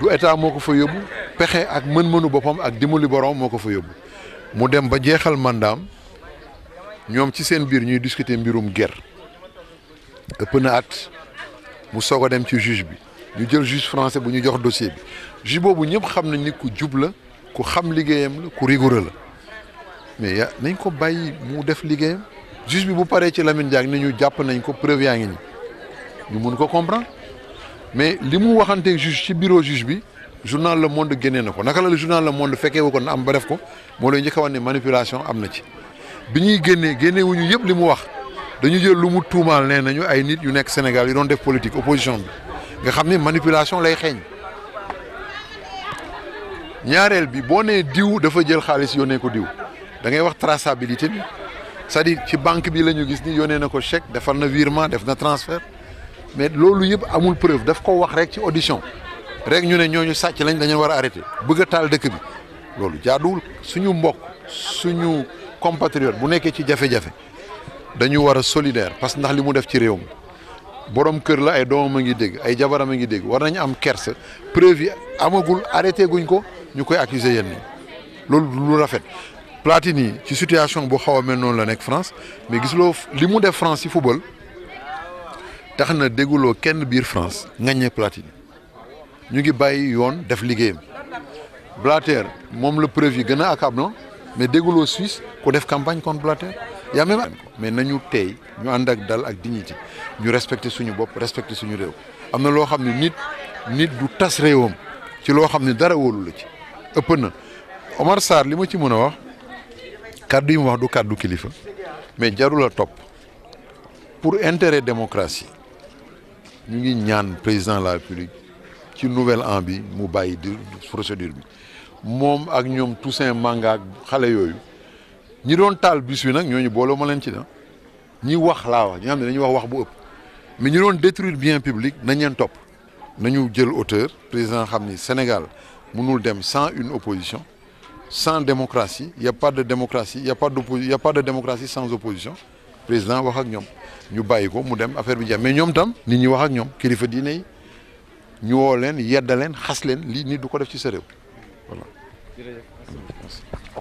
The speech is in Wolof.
du état moo ko fa yóbbu pexe ak mën-mënu boppam ak dimbali borom moo ko fa yóbbu mu dem ba jeexal mandaam ñoom ci seen biir ñuy discuter mbirum guerre ëpp na at mu soog a dem ci juge bi ñu jël juge français bu ñu jox dossier bi juge boobu ñëpp xam nañ ni ku jub la ku xam liggéeyam la ku rigoureux la mais ya nañ ko bàyyi mu def liggéeyam juge bi bu paree ci Lamine Diack ni ñu jàpp nañ ko preuve yaa ngi ni ñu mun ko comprendre mais li mu waxanteeg juge ci bureau juge bi journal Le Monde génnee na ko naka la journal Le Monde fekkee wu ko na am ba def ko moo lay njëkk a wan ne manipulation am na ci bi ñuy génnee génne wuñu yëpp li mu wax dañu jël lu mu tuumaal nee nañu ay nit yu nekk Sénégal yu doon def politique opposition bi nga xam ne manipulation lay xeeñ ñaareel bi boo nee diw dafa jël xaalis yónnee ko diw da ngay wax traçabilité bi c'est-à-dire ci banque bi la ñu gis ni yónnee na ko chèque defar na virement def na transfert mais loolu yëpp amul preuve daf ko wax rek ci audition rek ñu ne ñooñu sàcc lañ dañu war a arrêté bëgg a taal dëkk bi loolu jaaduwul suñu mbokk suñu compatriote bu nekkee ci jafe-jafe dañu war a solidaire parce que ndax li mu def ci réew mi borom kër la ay doomam a ngi dégg ay jabaram a ngi dégg war nañu am kersa preuve yi amagul arrêté guñ ko ñu koy accuser yenn loolu lu rafet. Platini ci situation bu xaw a mel noonu la nekk France mais gisuloo li mu def France ci tax na dégguloo kenn biir France ngaññee Platini ñu ngi bàyyi yoon def liggéeyam Blatter moom la preuve yi gën a accablant mais dégguloo Suisse ku def campagne contre Blatter yaa même mais nañu tey ñu ànd ak dal ak dignité ñu respecté suñu bopp respecté suñu réew am na loo xam ne nit nit du tas réewam ci loo xam ne dara wóolu la ci ëpp na Omar Sarr li ma ci mën a wax kàddu yi mu wax du kàddu kilifa mais jarul a topp pour intérêt démocratie ñu ngi ñaan président la République ci nouvel en bi mu bàyyi di procédure bi moom ak ñoom Toussaint Manga ak xale yooyu ñi doon taal bis bi nag ñooñu booloo ma leen ci da ñi wax laa wax ñi xam ne dañuy wax wax bu ëpp mais ñi doon détruire bien publique nañ leen topp nañu jël auteur président xam ni Sénégal mënul dem sans une opposition sans démocratie il y a pas de démocratie il y a pas d'opposition pas de démocratie sans opposition président wax ak ñoom ñu bàyyi ko mu dem affaire bi jeex mais ñoom tam nit ñi wax ak ñoom kilifa diine yi ñu woo leen yedda leen xas leen lii nit du ko def ci sa réew